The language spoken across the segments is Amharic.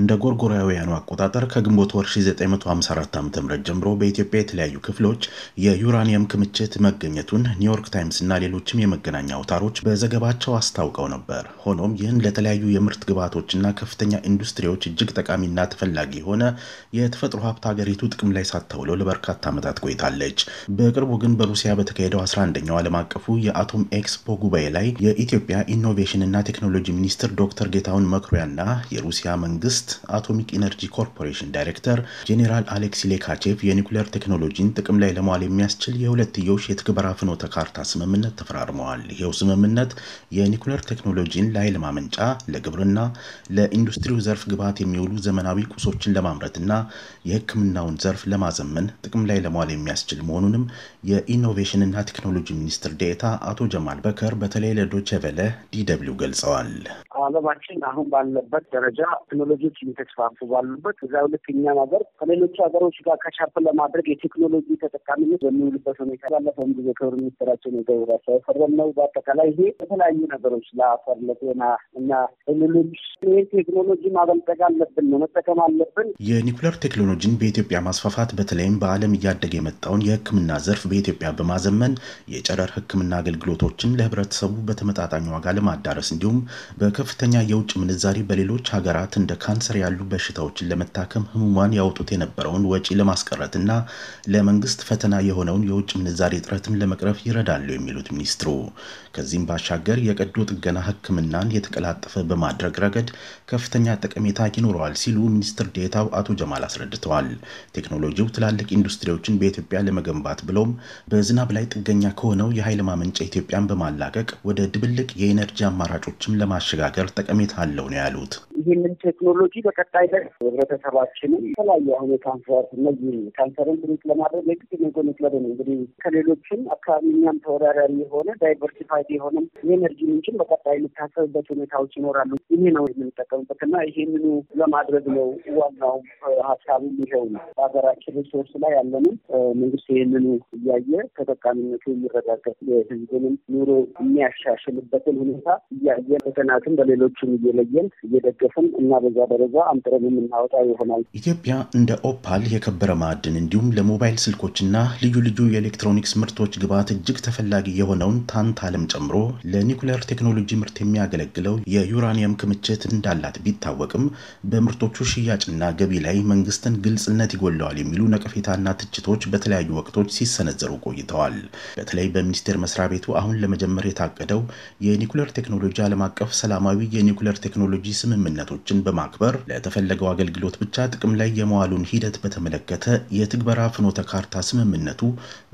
እንደ ጎርጎራውያኑ አቆጣጠር ከግንቦት ወር 1954 ም ጀምሮ በኢትዮጵያ የተለያዩ ክፍሎች የዩራኒየም ክምችት መገኘቱን ኒውዮርክ ታይምስ እና ሌሎችም የመገናኛ አውታሮች በዘገባቸው አስታውቀው ነበር። ሆኖም ይህን ለተለያዩ የምርት ግብዓቶችና ከፍተኛ ኢንዱስትሪዎች እጅግ ጠቃሚና ተፈላጊ የሆነ የተፈጥሮ ሀብት ሀገሪቱ ጥቅም ላይ ሳታውለው ለበርካታ ዓመታት ቆይታለች። በቅርቡ ግን በሩሲያ በተካሄደው 11ኛው ዓለም አቀፉ የአቶም ኤክስፖ ጉባኤ ላይ የኢትዮጵያ ኢኖቬሽንና ቴክኖሎጂ ሚኒስትር ዶክተር ጌታሁን መኩሪያና የሩሲያ መንግስት መንግስት አቶሚክ ኢነርጂ ኮርፖሬሽን ዳይሬክተር ጄኔራል አሌክሲ ሌካቼቭ የኒውክሌር ቴክኖሎጂን ጥቅም ላይ ለመዋል የሚያስችል የሁለትዮሽ የትግበራ ፍኖተ ካርታ ስምምነት ተፈራርመዋል። ይሄው ስምምነት የኒውክሌር ቴክኖሎጂን ለኃይል ማመንጫ፣ ለግብርና፣ ለኢንዱስትሪው ዘርፍ ግብዓት የሚውሉ ዘመናዊ ቁሶችን ለማምረትና የሕክምናውን ዘርፍ ለማዘመን ጥቅም ላይ ለመዋል የሚያስችል መሆኑንም የኢኖቬሽንና ቴክኖሎጂ ሚኒስትር ዴኤታ አቶ ጀማል በከር በተለይ ለዶቼ ቬለ ገልጸዋል። አለማችን አሁን ባለበት ደረጃ ቴክኖሎጂዎች እየተስፋፉ ባሉበት እዚያው ልክ እኛም ሀገር ከሌሎቹ ሀገሮች ጋር ከሻፕ ለማድረግ የቴክኖሎጂ ተጠቃሚነት በሚውልበት ሁኔታ ባለፈውም ጊዜ ክብር ሚኒስትራችን የገቡራ ፈረም ነው። በአጠቃላይ ይሄ የተለያዩ ነገሮች ለአፈር ለጤና እና ሌሎች ይህ ቴክኖሎጂ ማበልጸግ አለብን ነው መጠቀም አለብን። የኒኩሌር ቴክኖሎጂን በኢትዮጵያ ማስፋፋት በተለይም በዓለም እያደገ የመጣውን የሕክምና ዘርፍ በኢትዮጵያ በማዘመን የጨረር ሕክምና አገልግሎቶችን ለህብረተሰቡ በተመጣጣኝ ዋጋ ለማዳረስ እንዲሁም በከፍ ከፍተኛ የውጭ ምንዛሪ በሌሎች ሀገራት እንደ ካንሰር ያሉ በሽታዎችን ለመታከም ህሙማን ያወጡት የነበረውን ወጪ ለማስቀረት ና ለመንግስት ፈተና የሆነውን የውጭ ምንዛሪ እጥረትም ለመቅረፍ ይረዳሉ የሚሉት ሚኒስትሩ ከዚህም ባሻገር የቀዶ ጥገና ህክምናን የተቀላጠፈ በማድረግ ረገድ ከፍተኛ ጠቀሜታ ይኖረዋል ሲሉ ሚኒስትር ዴታው አቶ ጀማል አስረድተዋል። ቴክኖሎጂው ትላልቅ ኢንዱስትሪዎችን በኢትዮጵያ ለመገንባት ብሎም በዝናብ ላይ ጥገኛ ከሆነው የኃይል ማመንጫ ኢትዮጵያን በማላቀቅ ወደ ድብልቅ የኢነርጂ አማራጮችም ለማሸጋገር ሀገር ጠቀሜታ አለው ነው ያሉት። ይህንን ቴክኖሎጂ በቀጣይ ደ ህብረተሰባችንም የተለያዩ አሁን የካንሰር እነዚህ ካንሰርን ትሪት ለማድረግ የግድ ሜጎኒክለድ ነው እንግዲህ ከሌሎችም አካባቢ እኛም ተወዳዳሪ የሆነ ዳይቨርሲፋይድ የሆነም የኤነርጂ ምንጭን በቀጣይ የሚታሰብበት ሁኔታዎች ይኖራሉ። ይሄ ነው የምንጠቀምበት እና ይሄንኑ ለማድረግ ነው ዋናው ሀሳቡ ይኸው ነው። በሀገራችን ሪሶርስ ላይ ያለንም መንግስት ይህንኑ እያየ ተጠቃሚነቱ የሚረጋገጥ የህዝብንም ኑሮ የሚያሻሽልበትን ሁኔታ እያየን በጥናትም በሌሎችም እየለየን እየደገፍ አልፎም እና በዛ ደረጃ አምጥረን የምናወጣ ይሆናል። ኢትዮጵያ እንደ ኦፓል የከበረ ማዕድን እንዲሁም ለሞባይል ስልኮችና ልዩ ልዩ የኤሌክትሮኒክስ ምርቶች ግብዓት እጅግ ተፈላጊ የሆነውን ታንታለም ጨምሮ ለኒኩሌር ቴክኖሎጂ ምርት የሚያገለግለው የዩራኒየም ክምችት እንዳላት ቢታወቅም በምርቶቹ ሽያጭና ገቢ ላይ መንግስትን ግልጽነት ይጎለዋል የሚሉ ነቀፌታና ትችቶች በተለያዩ ወቅቶች ሲሰነዘሩ ቆይተዋል። በተለይ በሚኒስቴር መስሪያ ቤቱ አሁን ለመጀመር የታቀደው የኒኩሌር ቴክኖሎጂ ዓለም አቀፍ ሰላማዊ የኒኩሌር ቴክኖሎጂ ስምምነት ስምምነቶችን በማክበር ለተፈለገው አገልግሎት ብቻ ጥቅም ላይ የመዋሉን ሂደት በተመለከተ የትግበራ ፍኖተ ካርታ ስምምነቱ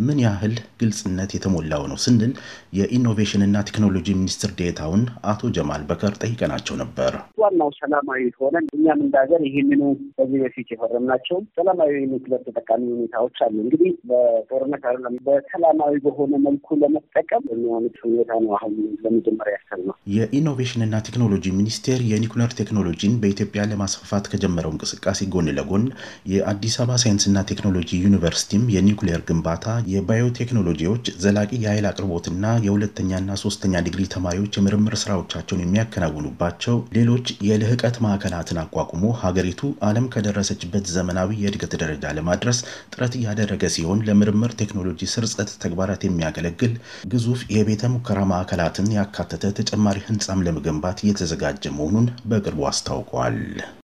ምን ያህል ግልጽነት የተሞላው ነው ስንል የኢኖቬሽንና ቴክኖሎጂ ሚኒስትር ዴታውን አቶ ጀማል በከር ጠይቀናቸው ነበር። ዋናው ሰላማዊ ሆነን እኛም እንደ ሀገር ይህንኑ በዚህ በፊት የፈረምናቸው ሰላማዊ ኒውክለር ተጠቃሚ ሁኔታዎች አሉ። እንግዲህ በጦርነት አይደለም በሰላማዊ በሆነ መልኩ ለመጠቀም የሚሆኑት ሁኔታ ነው። አሁን ለመጀመሪያ ያሰብነው የኢኖቬሽንና ቴክኖሎጂ ሚኒስቴር የኒኩለር ቴክኖ ቴክኖሎጂን በኢትዮጵያ ለማስፋፋት ከጀመረው እንቅስቃሴ ጎን ለጎን የአዲስ አበባ ሳይንስና ቴክኖሎጂ ዩኒቨርሲቲም የኒውክሌር ግንባታ፣ የባዮቴክኖሎጂዎች ዘላቂ የኃይል አቅርቦትና የሁለተኛና ሶስተኛ ዲግሪ ተማሪዎች የምርምር ስራዎቻቸውን የሚያከናውኑባቸው ሌሎች የልህቀት ማዕከላትን አቋቁሞ ሀገሪቱ ዓለም ከደረሰችበት ዘመናዊ የእድገት ደረጃ ለማድረስ ጥረት እያደረገ ሲሆን ለምርምር ቴክኖሎጂ ስርጸት ተግባራት የሚያገለግል ግዙፍ የቤተ ሙከራ ማዕከላትን ያካተተ ተጨማሪ ህንፃም ለመገንባት እየተዘጋጀ መሆኑን በቅርቡ አስታውቋል።